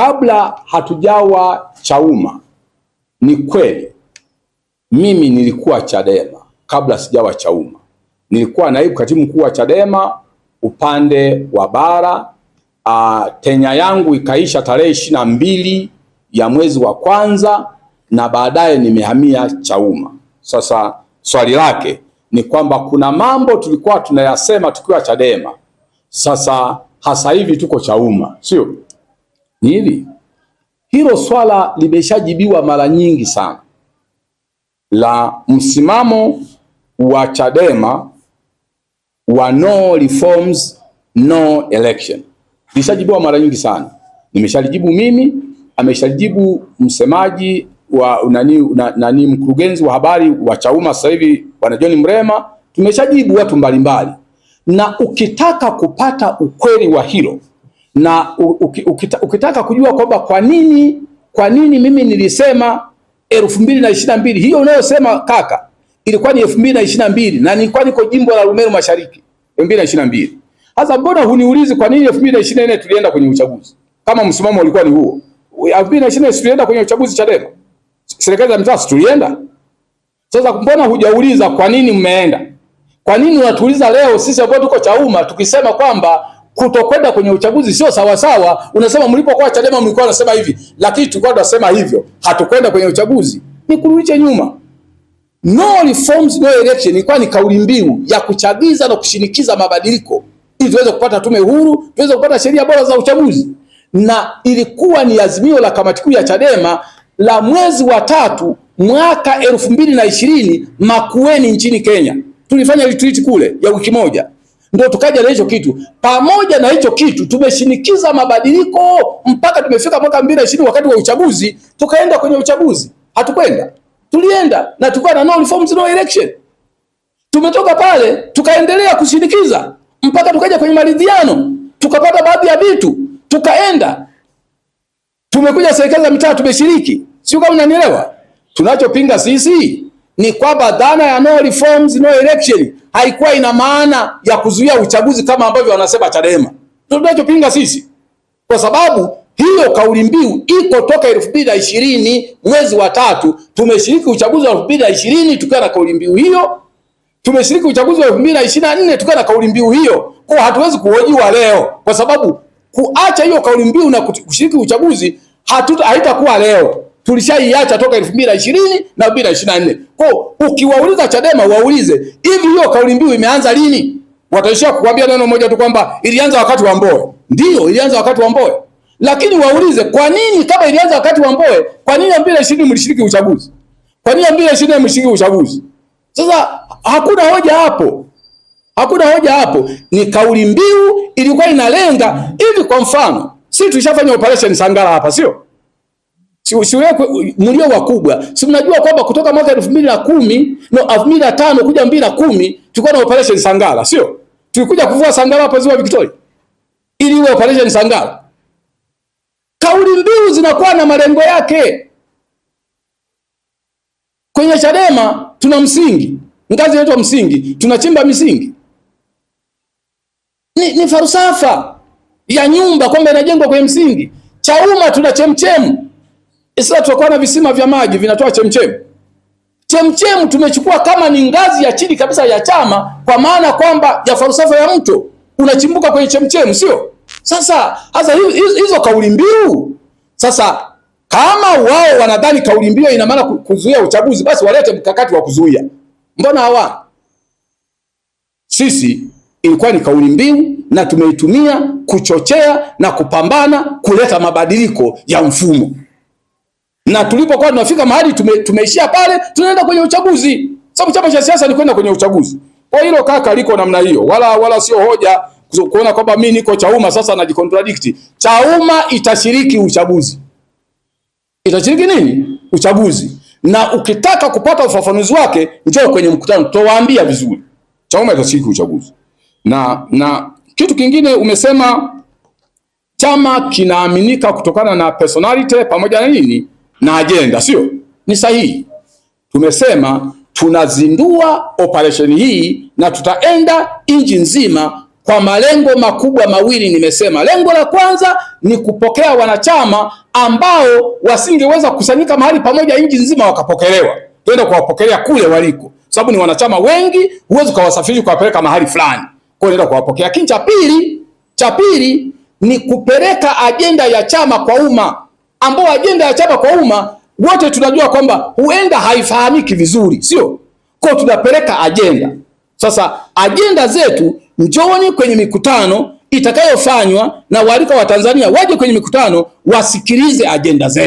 kabla hatujawa Chauma, ni kweli mimi nilikuwa Chadema kabla sijawa Chauma, nilikuwa naibu katibu mkuu wa Chadema upande wa bara. Ah, tenya yangu ikaisha tarehe ishirini na mbili ya mwezi wa kwanza na baadaye nimehamia Chauma. Sasa swali lake ni kwamba kuna mambo tulikuwa tunayasema tukiwa Chadema, sasa hasa hivi tuko Chauma, sio? ni hivi, hilo swala limeshajibiwa mara nyingi sana la msimamo wa Chadema wa no reforms no election, lishajibiwa mara nyingi sana. Nimeshalijibu mimi, ameshalijibu msemaji wa nani, nani mkurugenzi wa habari wa Chauma sasa hivi bwana John Mrema, tumeshajibu watu mbalimbali, na ukitaka kupata ukweli wa hilo na ukita, ukitaka kujua kwamba kwa nini kwa nini mimi nilisema elfu mbili na ishirini na mbili hiyo unayosema kaka ilikuwa ni elfu mbili na ishirini na mbili na nilikuwa niko jimbo la Rumeru Mashariki elfu mbili na ishirini na mbili Sasa mbona huniulizi kwa nini elfu mbili na ishirini na nne tulienda kwenye uchaguzi kama msimamo ulikuwa ni huo? elfu mbili na ishirini na nne tulienda kwenye uchaguzi Chadema, serikali za mitaa tulienda. Sasa mbona hujauliza kwa nini mmeenda? Kwa nini unatuuliza leo sisi ambao tuko Chauma tukisema kwamba kutokwenda kwenye uchaguzi sio sawasawa. Unasema mlipokuwa Chadema mlikuwa unasema hivi, lakini tulikuwa tunasema hivyo, hatukwenda kwenye uchaguzi. Ni kurudisha nyuma. No reforms no election ilikuwa ni kauli mbiu ya kuchagiza na kushinikiza mabadiliko ili tuweze kupata tume huru, tuweze kupata sheria bora za uchaguzi, na ilikuwa ni azimio la kamati kuu ya Chadema la mwezi wa tatu mwaka elfu mbili na ishirini Makueni nchini Kenya. Tulifanya retreat kule ya wiki moja ndio tukaja na hicho kitu. Pamoja na hicho kitu tumeshinikiza mabadiliko mpaka tumefika mwaka 2020 wakati wa uchaguzi, tukaenda kwenye uchaguzi. Hatukwenda, tulienda na tukawa na no reforms no election. Tumetoka pale tukaendelea kushinikiza mpaka tukaja kwenye maridhiano, tukapata baadhi ya vitu, tukaenda tumekuja serikali za mitaa tumeshiriki, sio kama unanielewa. Tunachopinga sisi ni kwamba dhana ya no reforms no election haikuwa ina maana ya kuzuia uchaguzi kama ambavyo wanasema Chadema. Tunachopinga sisi kwa sababu hiyo kauli mbiu iko toka elfu mbili na ishirini mwezi wa tatu. Tumeshiriki uchaguzi wa elfu mbili na ishirini tukiwa na kauli mbiu hiyo, tumeshiriki uchaguzi wa elfu mbili na ishirini na nne tukiwa na kauli mbiu hiyo. Kwa hatuwezi kuhojiwa leo, kwa sababu kuacha hiyo kauli mbiu na kushiriki uchaguzi haitakuwa leo tulishaiacha toka 2020 na 2024. Kwa ukiwauliza Chadema waulize hivi hiyo kauli mbiu imeanza lini? Wataishia kukwambia neno moja tu kwamba ilianza wakati wa Mboe. Ndio, ilianza wakati wa Mboe, Lakini waulize kwa nini kama ilianza wakati wa Mboe, kwa nini 2020 mlishiriki uchaguzi? Kwa nini 2020 mlishiriki uchaguzi? Sasa hakuna hoja hapo. Hakuna hoja hapo. Ni kauli mbiu ilikuwa inalenga hivi. Kwa mfano, sisi tulishafanya operation Sangara hapa, sio? shule mlio wakubwa, si mnajua kwamba kutoka mwaka elfu mbili na kumi no elfu mbili na tano kuja mbili na kumi tulikuwa na operation Sangara, sio? Tulikuja kuvua Sangara hapa ziwa Victoria, ili iwe operation Sangara. Kauli mbiu zinakuwa na malengo yake. Kwenye Chadema tuna msingi, ngazi inaitwa msingi, tunachimba misingi. Ni, ni falsafa ya nyumba kwamba inajengwa kwenye msingi. Chauma tuna chemchemu Isla tutakuwa na visima vya maji vinatoa chemchemu. Chemchemu tumechukua kama ni ngazi ya chini kabisa ya chama, kwa maana kwamba ya falsafa ya mto unachimbuka kwenye chemchemu, sio? Sasa hasa hizo kauli mbiu sasa kama wao wanadhani kauli mbiu ina maana kuzuia uchaguzi, basi walete mkakati wa kuzuia. Mbona hawa? Sisi ilikuwa ni kauli mbiu na tumeitumia kuchochea na kupambana kuleta mabadiliko ya mfumo na tulipokuwa tunafika mahali tume, tumeishia pale, tunaenda kwenye uchaguzi, sababu chama cha siasa ni kwenda kwenye uchaguzi. Kwa hilo kaka liko namna hiyo, wala wala sio hoja kuona kwamba mimi niko Chauma sasa najicontradikti. Chauma itashiriki uchaguzi, itashiriki nini uchaguzi, na ukitaka kupata ufafanuzi wake njoo kwenye mkutano, tutawaambia vizuri. Chauma itashiriki uchaguzi na, na kitu kingine umesema chama kinaaminika kutokana na personality pamoja na nini na ajenda, sio ni sahihi. Tumesema tunazindua operation hii na tutaenda nchi nzima kwa malengo makubwa mawili. Nimesema lengo la kwanza ni kupokea wanachama ambao wasingeweza kukusanyika mahali pamoja nchi nzima wakapokelewa, tuenda kuwapokelea kule waliko, sababu ni wanachama wengi, huwezi ukawasafiri kuwapeleka mahali fulani, kwa hiyo kuwapokea. Lakini cha pili, cha pili ni kupeleka ajenda ya chama kwa umma ambao ajenda ya chama kwa umma wote tunajua kwamba huenda haifahamiki vizuri, sio kwa tunapeleka ajenda. Sasa ajenda zetu, njooni kwenye mikutano itakayofanywa na walika wa Tanzania waje kwenye mikutano wasikilize ajenda zetu.